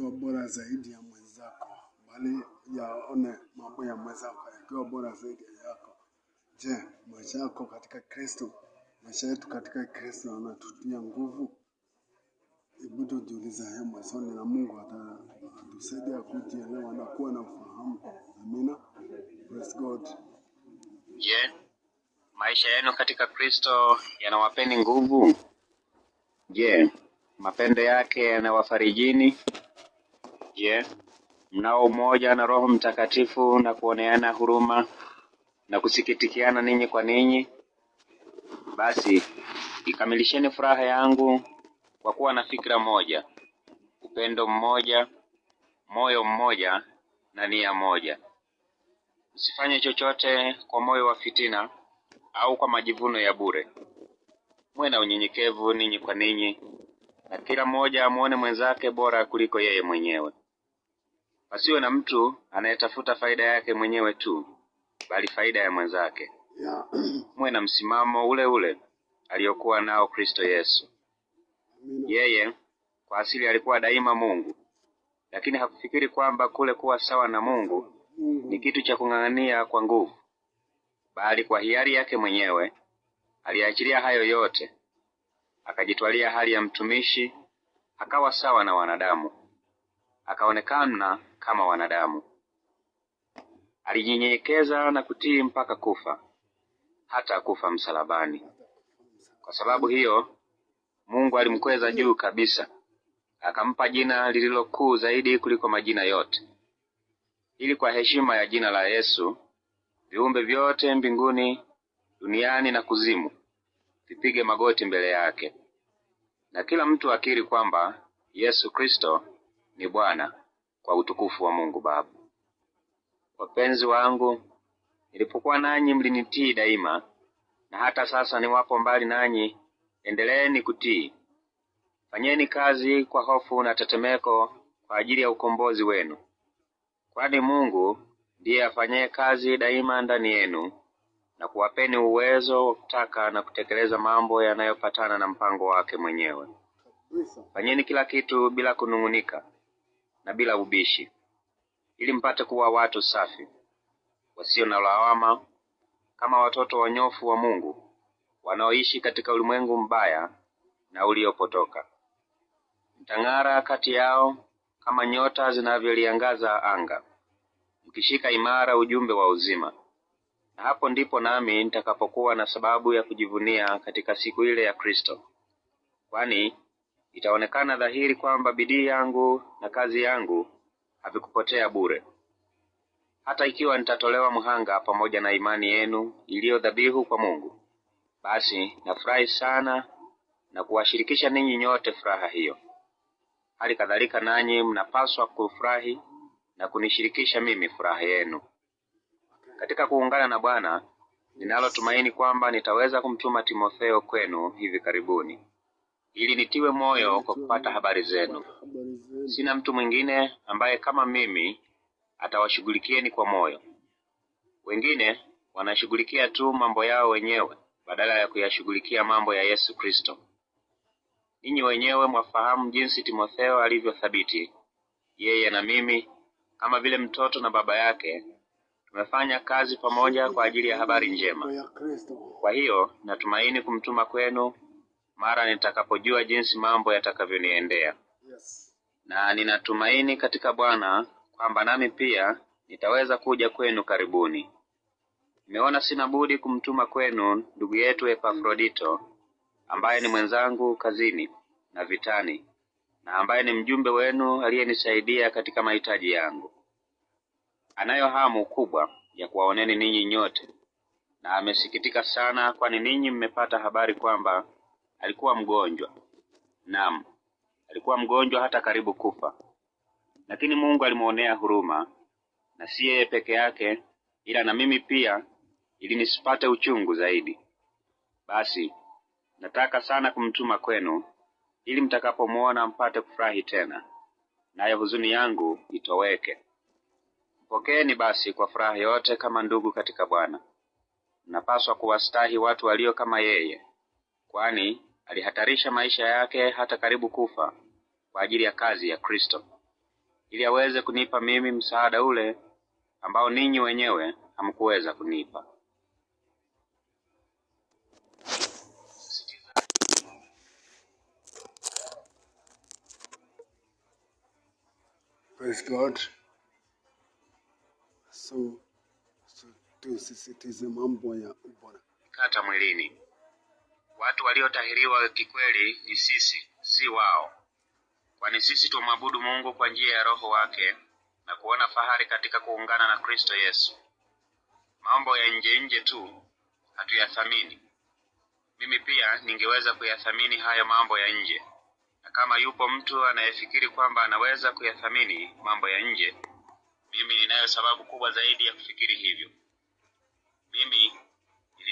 ukiwa bora zaidi ya mwenzako, bali yaone mambo ya mwenzako yakiwa bora zaidi ya yako. Je, maisha yako katika Kristo, maisha yetu katika Kristo anatutia nguvu? Hebu tujiulize maswali na Mungu atatusaidia kujielewa na kuwa na ufahamu. Amina. Praise God. Je, maisha yenu katika Kristo yanawapeni nguvu? Je, yeah. mapendo yake yanawafarijini? Je, mnao umoja na Roho Mtakatifu na kuoneana huruma na kusikitikiana ninyi kwa ninyi? Basi ikamilisheni furaha yangu kwa kuwa na fikra moja, upendo mmoja, moyo mmoja na nia moja. Msifanye chochote kwa moyo wa fitina au kwa majivuno ya bure. Mwe na unyenyekevu ninyi kwa ninyi, na kila mmoja amwone mwenzake bora kuliko yeye mwenyewe pasiwe na mtu anayetafuta faida yake mwenyewe tu, bali faida ya mwenzake. Muwe na msimamo ule ule aliyokuwa nao Kristo Yesu. Yeye kwa asili alikuwa daima Mungu, lakini hakufikiri kwamba kule kuwa sawa na Mungu ni kitu cha kung'ang'ania kwa nguvu, bali kwa hiari yake mwenyewe aliachilia hayo yote, akajitwalia hali ya mtumishi, akawa sawa na wanadamu, akaonekana kama wanadamu. Alijinyenyekeza na kutii mpaka kufa, hata kufa msalabani. Kwa sababu hiyo, Mungu alimkweza juu kabisa, akampa jina lililokuu zaidi kuliko majina yote, ili kwa heshima ya jina la Yesu viumbe vyote mbinguni, duniani na kuzimu vipige magoti mbele yake, na kila mtu akiri kwamba Yesu Kristo ni Bwana kwa utukufu wa Mungu Baba. Wapenzi wangu, nilipokuwa nanyi mlinitii daima, na hata sasa niwapo mbali nanyi, endeleeni kutii. Fanyeni kazi kwa hofu na tetemeko kwa ajili ya ukombozi wenu, kwani Mungu ndiye afanyaye kazi daima ndani yenu na kuwapeni uwezo wa kutaka na kutekeleza mambo yanayopatana na mpango wake mwenyewe. Fanyeni kila kitu bila kunung'unika na bila ubishi, ili mpate kuwa watu safi wasio na lawama, kama watoto wanyofu wa Mungu wanaoishi katika ulimwengu mbaya na uliopotoka. Mtang'ara kati yao kama nyota zinavyoliangaza anga, mkishika imara ujumbe wa uzima. Na hapo ndipo nami nitakapokuwa na sababu ya kujivunia katika siku ile ya Kristo, kwani itaonekana dhahiri kwamba bidii yangu na kazi yangu havikupotea bure, hata ikiwa nitatolewa mhanga pamoja na imani yenu iliyo dhabihu kwa Mungu. Basi nafurahi sana na kuwashirikisha ninyi nyote furaha hiyo. Hali kadhalika nanyi mnapaswa kufurahi na kunishirikisha mimi furaha yenu katika kuungana na Bwana. Ninalo tumaini kwamba nitaweza kumtuma Timotheo kwenu hivi karibuni ili nitiwe moyo kwa kupata habari zenu. Sina mtu mwingine ambaye kama mimi atawashughulikieni kwa moyo. Wengine wanashughulikia tu mambo yao wenyewe badala ya kuyashughulikia mambo ya Yesu Kristo. Ninyi wenyewe mwafahamu jinsi Timotheo alivyothabiti. Yeye na mimi, kama vile mtoto na baba yake, tumefanya kazi pamoja kwa ajili ya habari njema. Kwa hiyo natumaini kumtuma kwenu mara nitakapojua jinsi mambo yatakavyoniendea. Yes. Na ninatumaini katika Bwana kwamba nami pia nitaweza kuja kwenu karibuni. Nimeona sina budi kumtuma kwenu ndugu yetu Epafrodito ambaye ni mwenzangu kazini na vitani na ambaye ni mjumbe wenu aliyenisaidia katika mahitaji yangu. Anayo hamu kubwa ya kuwaoneni ninyi nyote, na amesikitika sana, kwani ninyi mmepata habari kwamba Alikuwa mgonjwa, naam, alikuwa mgonjwa hata karibu kufa, lakini Mungu alimwonea huruma, na si yeye peke yake, ila na mimi pia, ili nisipate uchungu zaidi. Basi nataka sana kumtuma kwenu, ili mtakapomwona mpate kufurahi tena, nayo huzuni yangu itoweke. Mpokeeni basi kwa furaha yote kama ndugu katika Bwana. Mnapaswa kuwastahi watu walio kama yeye, kwani alihatarisha maisha yake hata karibu kufa kwa ajili ya kazi ya Kristo ili aweze kunipa mimi msaada ule ambao ninyi wenyewe hamkuweza kunipa. Praise God. So, so tu sisitize mambo ya ubora kata mwilini Watu waliotahiriwa kikweli ni sisi, si wao, kwani sisi tumwabudu Mungu kwa njia ya Roho wake na kuona fahari katika kuungana na Kristo Yesu. Mambo ya nje nje tu hatuyathamini. Mimi pia ningeweza kuyathamini hayo mambo ya nje, na kama yupo mtu anayefikiri kwamba anaweza kuyathamini mambo ya nje, mimi ninayo sababu kubwa zaidi ya kufikiri hivyo. Mimi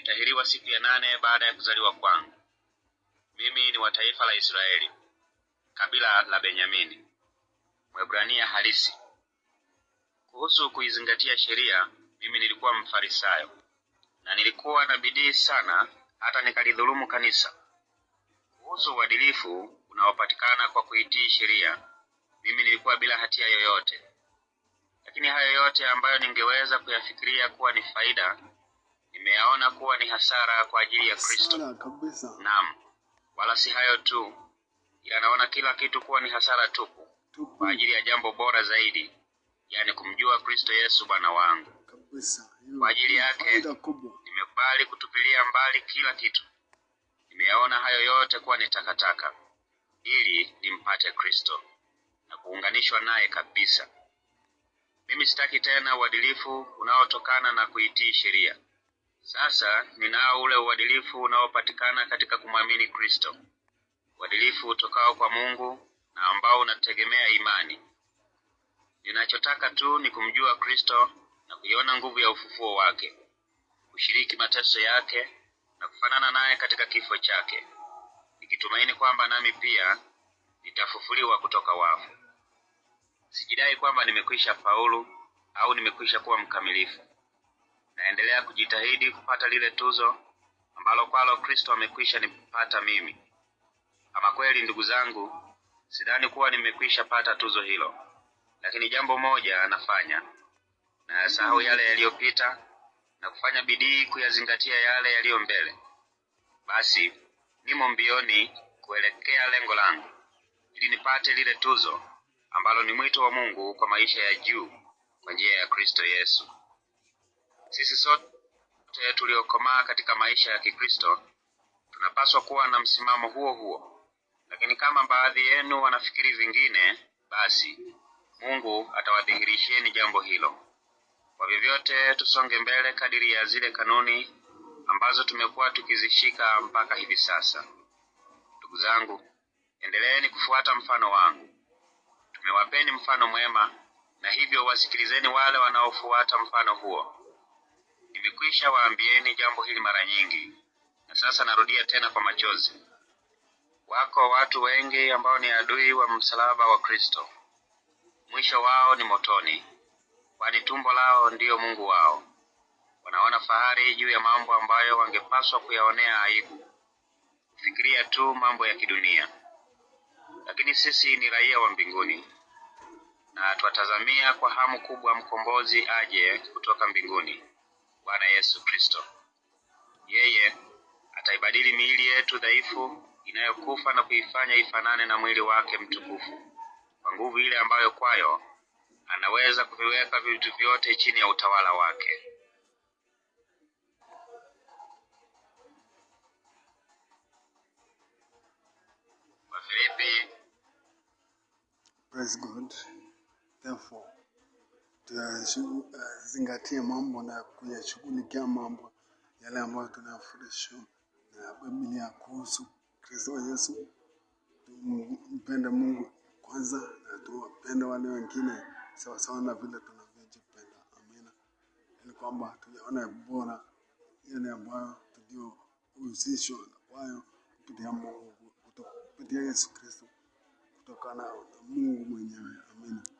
nilitahiriwa siku ya nane baada ya kuzaliwa kwangu. Mimi ni wa taifa la Israeli, kabila la Benyamini, Mwebrania halisi. Kuhusu kuizingatia sheria, mimi nilikuwa Mfarisayo na nilikuwa na bidii sana, hata nikalidhulumu kanisa. Kuhusu uadilifu unaopatikana kwa kuitii sheria, mimi nilikuwa bila hatia yoyote, lakini hayo yote ambayo ningeweza kuyafikiria kuwa ni faida nimeyaona kuwa ni hasara kwa ajili ya Kristo. Naam, wala si hayo tu, yanaona kila kitu kuwa ni hasara tupu kwa ajili ya jambo bora zaidi, yani kumjua Kristo Yesu Bwana wangu. Kwa ajili yake nimekubali kutupilia mbali kila kitu, nimeyaona hayo yote kuwa ni takataka, ili nimpate Kristo na kuunganishwa naye kabisa. Mimi sitaki tena uadilifu unaotokana na kuitii sheria sasa ninao ule uadilifu unaopatikana katika kumwamini Kristo, uadilifu utokao kwa Mungu na ambao unategemea imani. Ninachotaka tu ni kumjua Kristo na kuiona nguvu ya ufufuo wake, kushiriki mateso yake na kufanana naye katika kifo chake, nikitumaini kwamba nami pia nitafufuliwa kutoka wafu. Sijidai kwamba nimekwisha faulu au nimekwisha kuwa mkamilifu naendelea kujitahidi kupata lile tuzo ambalo kwalo Kristo amekwisha nipata mimi. Ama kweli, ndugu zangu, sidhani kuwa nimekwisha pata tuzo hilo, lakini jambo moja anafanya nayasahau yale yaliyopita na kufanya bidii kuyazingatia yale yaliyo mbele. Basi nimo mbioni kuelekea lengo langu, ili nipate lile tuzo ambalo ni mwito wa Mungu kwa maisha ya juu kwa njia ya Kristo Yesu. Sisi sote tuliokomaa katika maisha ya Kikristo tunapaswa kuwa na msimamo huo huo, lakini kama baadhi yenu wanafikiri vingine, basi Mungu atawadhihirishieni jambo hilo. Kwa vyovyote, tusonge mbele kadiri ya zile kanuni ambazo tumekuwa tukizishika mpaka hivi sasa. Ndugu zangu, endeleeni kufuata mfano wangu. Tumewapeni mfano mwema, na hivyo wasikilizeni wale wanaofuata mfano huo. Nimekwisha waambieni jambo hili mara nyingi, na sasa narudia tena kwa machozi. Wako watu wengi ambao ni adui wa msalaba wa Kristo. Mwisho wao ni motoni, kwani tumbo lao ndiyo mungu wao. Wanaona fahari juu ya mambo ambayo wangepaswa kuyaonea aibu, kufikiria tu mambo ya kidunia. Lakini sisi ni raia wa mbinguni na twatazamia kwa hamu kubwa mkombozi aje kutoka mbinguni Bwana Yesu Kristo. Yeye ataibadili miili yetu dhaifu inayokufa na kuifanya ifanane na mwili wake mtukufu, kwa nguvu ile ambayo kwayo anaweza kuviweka vitu vyote chini ya utawala wake. Wafilipi. Praise God. Therefore tunazingatia mambo na kuyashughulikia mambo yale ambayo tunafundishwa na Biblia kuhusu Kristo Yesu. Tumpende Mungu kwanza na tuwapende wale wengine sawasawa na vile tunavyojipenda. Amina, ili kwamba tuyaone bora yale ambayo tuliohusishwa kwayo kupitia Mungu, kupitia Yesu Kristo, kutokana na Mungu mwenyewe. Amina.